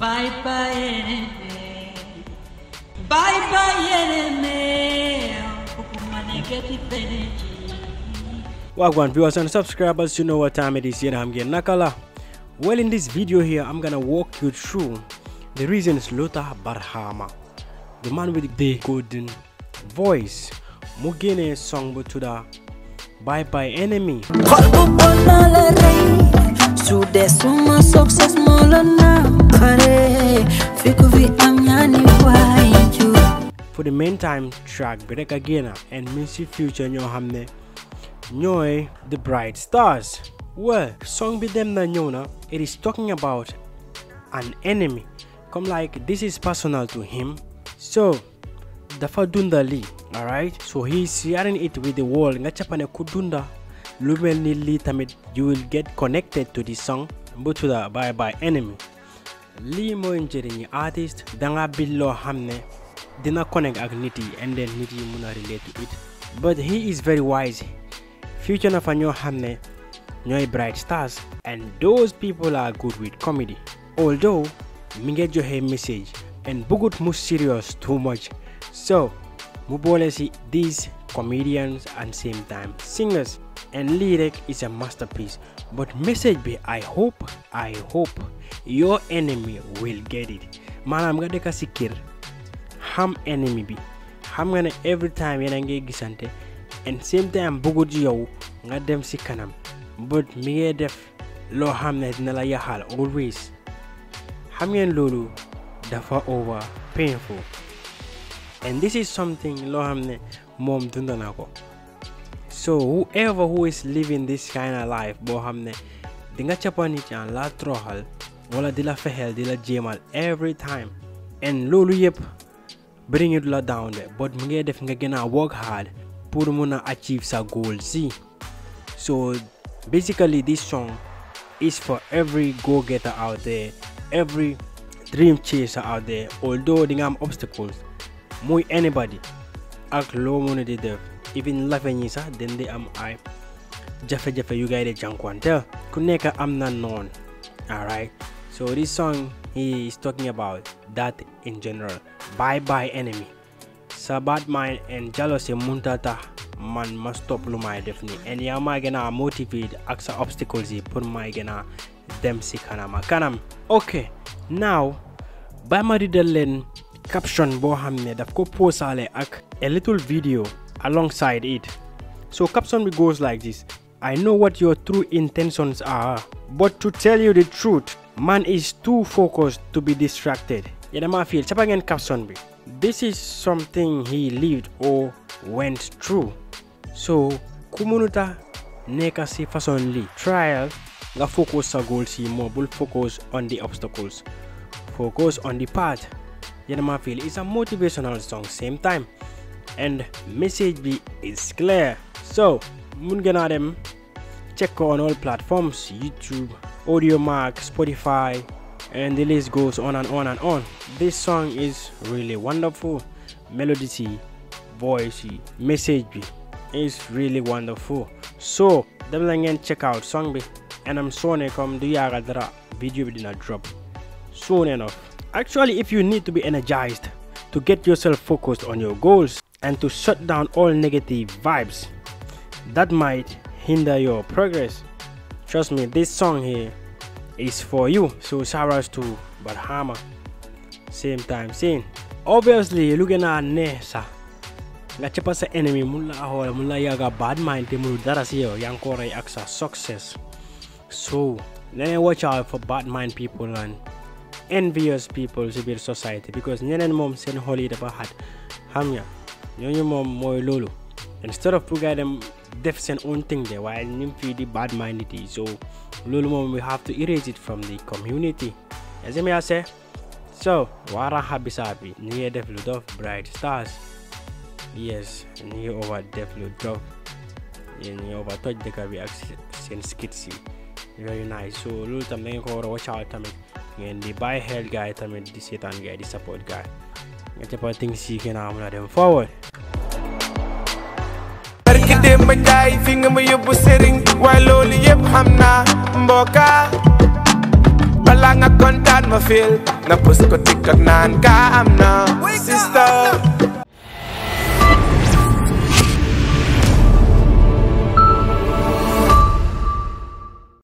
Bye bye enemy. Bye bye enemy. Negative energy. Wagwan viewers and subscribers, you know what time it is here. I'm getting Nakala. Well, in this video here, I'm gonna walk you through the reasons Lota Barhama, the man with the golden voice, Mugene song to the Bye Bye Enemy. the meantime track break again ah, and music future nyo hamne nyoe the bright stars well song with them na nyona it is talking about an enemy come like this is personal to him so dafa dunda li alright so he is sharing it with the world nga chapane kudunda lumel ni li tamit you will get connected to this song but to mbutuda bye bye enemy li mo njeri ni artist danga billo hamne they connect ak nit agniti, and then niti yi relate to it but he is very wise future na fa ñoo xam ne bright stars and those people are good with comedy although mi ngi joxe message and bugut mu serious too much so mu bole si these comedians and same time singers and lyric is a masterpiece but message be, i hope i hope your enemy will get it maanaam nga dëkk sikir. xam ennemi bi xam nga ne every time yéen ngay ngi gisante and same time bëggut yow nga dem si kanam but mi ngee def loo xam ne dina la yaxal always xam ngeen loolu dafa over painful and this is something loo xam ne moom dund na ko so whoever who is living this kind of life boo xam ne di nga cappan nit laa troxal wala di la fexeel di la jéemal every time and loolu yëpp bring it down there but mu ngay def nga gën work hard pour mun a achieve sa goal si so basically this song is for every go-getter out there every dream chaser out there although di nga am obstacles muy anybody ak loo mun a di def even life ñi sax den di am ay jafe-jafe yu gaay de jànkuwante ku nekk am na non. alright so this song he is talking about that in general. Bye bye enemy. sabat mind and jealousy muntata man must stop lumai definitely. def ni and yaa maa motivate ak sa obstacles yi pour dem si kanama kanam ok now by ma readal caption boo da ne daf ko ak a little video alongside it so caption goes like this I know what your true intentions are but to tell you the truth man is too focused to be distracted yadama feel capangen caption this is something he lived or went through so kumunuta neka si façon li trial nga focus sa goals yi mo bul focus on the obstacles focus on the path yadama feel is a motivational song same time and message bi is clear so mun gëna dem check on all platforms youtube Audio Mac, Spotify, and the list goes on and on and on. This song is really wonderful, melody, voice, message is really wonderful. So, definitely again check out song B, and I'm they come do yagadra video did drop soon enough. Actually, if you need to be energized to get yourself focused on your goals and to shut down all negative vibes that might hinder your progress trust me this song here is for you so shout out to Barhama same time same obviously looking at Nessa nga cepat sa enemy mula hola mula yaga bad mind te mulu dara siyo yang kore aksa success so nene watch out for bad mind people and envious people civil society because ñeneen mom seen holy yi hat. xat xam mom ñooñu moom mooy instead of pugay them def seen own thing there while ñu fii di bad minded yi so lulu mom we have to erase it from the community as me say so wara habisabi ñu ngi def lu dof bright stars yes ñu ngi over def lu dof ñu ngi over touch dëkk bi ak seen very nice so lulu, tam da ko war watch out tamit ngeen di bàyyi hell guy, tamit di seetaan gaay di support guy. nga jëppal things yi gën a am na dem forward jéem a jaay fi nga ma yóbbu sëriñ waaye loolu yëpp xam naa mbooka balaa nga kontaan ma na pus ko naan am na sister